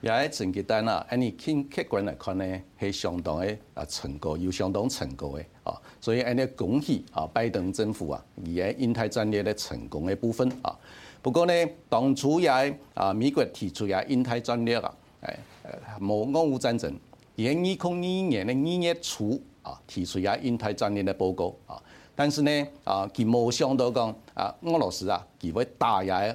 也係成績單啊，啦，按你客觀來看咧係相當嘅啊成功，又相當成功嘅，啊。所以按你恭喜啊，拜登政府啊，而喺印太戰略的成功嘅部分啊。不過咧，當初也啊美國提出也印太戰略啊，誒，冇俄烏戰爭，喺二零二二年的二月初啊提出也印太戰略嘅報告啊，但是咧啊其冇想到講啊俄羅斯啊佢會打壓。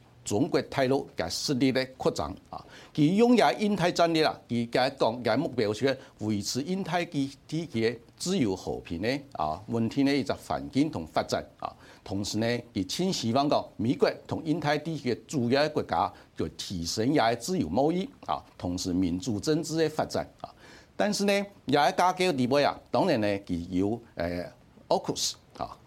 中國大陸在實力的擴張啊，其擁有的印太戰略啊，其該講嘅目標是維持印太地區嘅自由和平的啊，穩定的一個環境同發展啊，同時呢，佢清晰講講美國同印太地區的主要國家就提升也係自由貿易啊，同時民主政治的發展啊，但是呢也喺外交地位啊，當然呢，佢有誒。呃 AUKUS,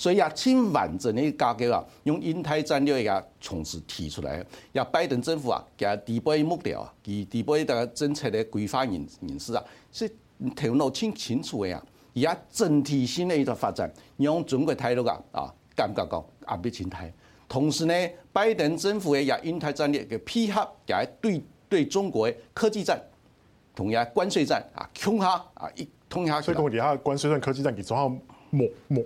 所以完整嘅一個架構啊，清的用印太戰略也從時提出來。而拜登政府啊，其實底部目的啊，其底部嘅政策的規劃，意意思啊，是頭腦清清楚的啊，而家整體性的一個發展，讓中國態度啊，啊，感覺到阿比平台。同時呢，拜登政府嘅廿印太戰略嘅配合，也對對中國嘅科技戰，同樣關稅戰啊，轟他啊，一通下。所以講底下關稅戰、科技戰給，給仲有冇冇？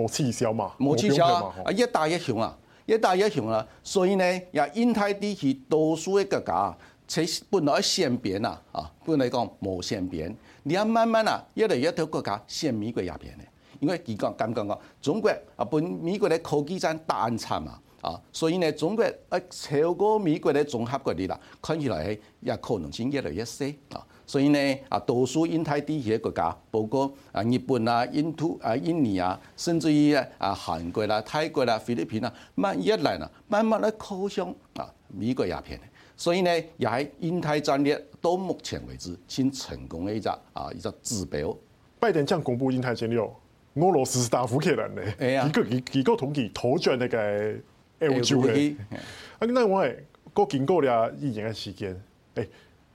冇刺少嘛，冇刺少啊！越大越強啊，越大越強啊，啊。所以呢，也印太地區多數嘅國家，且本來一善變啦，啊，本來講無善變，你啊慢慢啊，越來越多國家向美國入邊嘅，因為佢講感覺講，中國啊本美國咧科技戰大暗差嘛，啊，所以呢，中國誒超過美國咧綜合國力啦，看起來也可能性越來越細啊。所以呢，啊，多數印太地區國家，包括啊日本啊、印度啊、印尼啊，甚至於啊韓國啦、泰國啦、菲律賓啊，慢一來啦，慢慢咧靠向啊美國亞片嘅。所以呢，也係印太戰略到目前為止最成功嘅一隻啊一隻指標。拜登想公布印太戰略，俄羅斯斯大夫克蘭嘅，一個一個統計拖住你個歐洲嘅。啊，因為我經過兩一年嘅時間誒。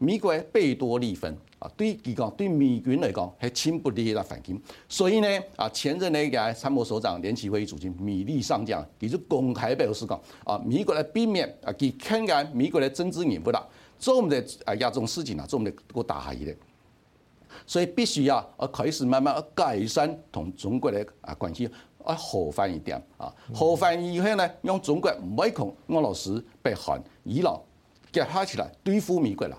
美國貝多利芬啊，對伊講，對美軍來講係千不利嘅反境。所以呢，啊前任個參謀首長聯席會議主席米利上將佢就公開表示講，啊，美國嚟避免啊，佢牽引美國的爭執紛紛啦。做唔到啊，依種事情啊，做唔到個大下嘅。所以必須要開始慢慢改善同中國的啊關係啊和諧一點啊，和諧以後呢，讓中國唔會講俄羅斯、北韓、伊朗結合起來對付美國啦。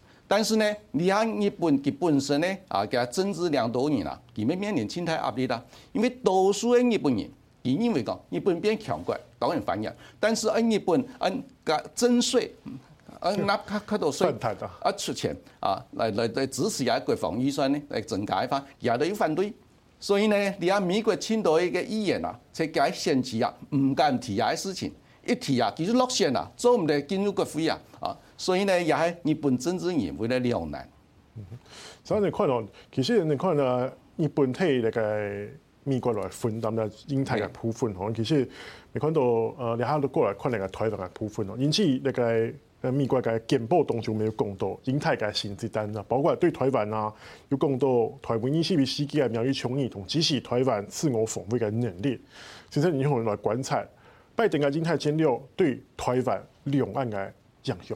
但是呢，你喺日本佢本身呢，啊加爭執兩多年啦，佢咪面臨競選壓力啦，因為多數嘅日本人佢認為講日本變強國，當然歡迎，但是喺日本喺加徵稅，啊拿卡卡多稅，啊出錢啊，來來來，支持一國防預算呢，嚟整改翻，也都有反對所、嗯。所以呢，你喺美國競選嘅一個議員啊，出街宣示啊，唔敢提啊啲事情，一提啊，其實落選啊，做唔到進入國會啊，啊。所以呢，也係日本真正原會咧兩難。首先你看到，其實你看到日本替那個美國來分擔啦，印太嘅部分，可能其實你看到誒，你喺度過來看嚟嘅台灣嘅部分咯，因此那個美國嘅劍拔動作咪要更多，印太嘅形式單啦，包括對台灣啊要更多台灣呢啲歷史嘅苗裔青年同支持台灣自我防衛嘅能力，其實你可能來觀察，拜登嘅印太交流對台灣兩岸嘅影響。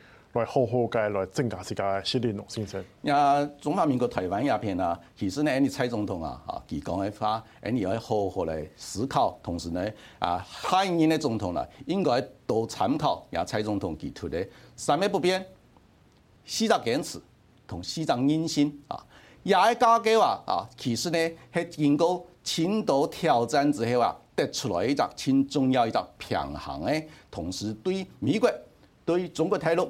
為好好嘅來增加時間，施立農先生。啊，中華民國台灣一片啊，其實呢，你蔡總統啊，的啊，佢講嘅話，你要好好嚟思考，同時呢，啊，下一任嘅總統啦、啊，應該多參考下、啊、蔡總統提出嘅三個不變、四個堅持同四個認知啊。而家嘅話啊,啊，其實呢係經過千多挑戰之後啊，得出來一個親中又一個平衡嘅，同時對美國對中國大陸。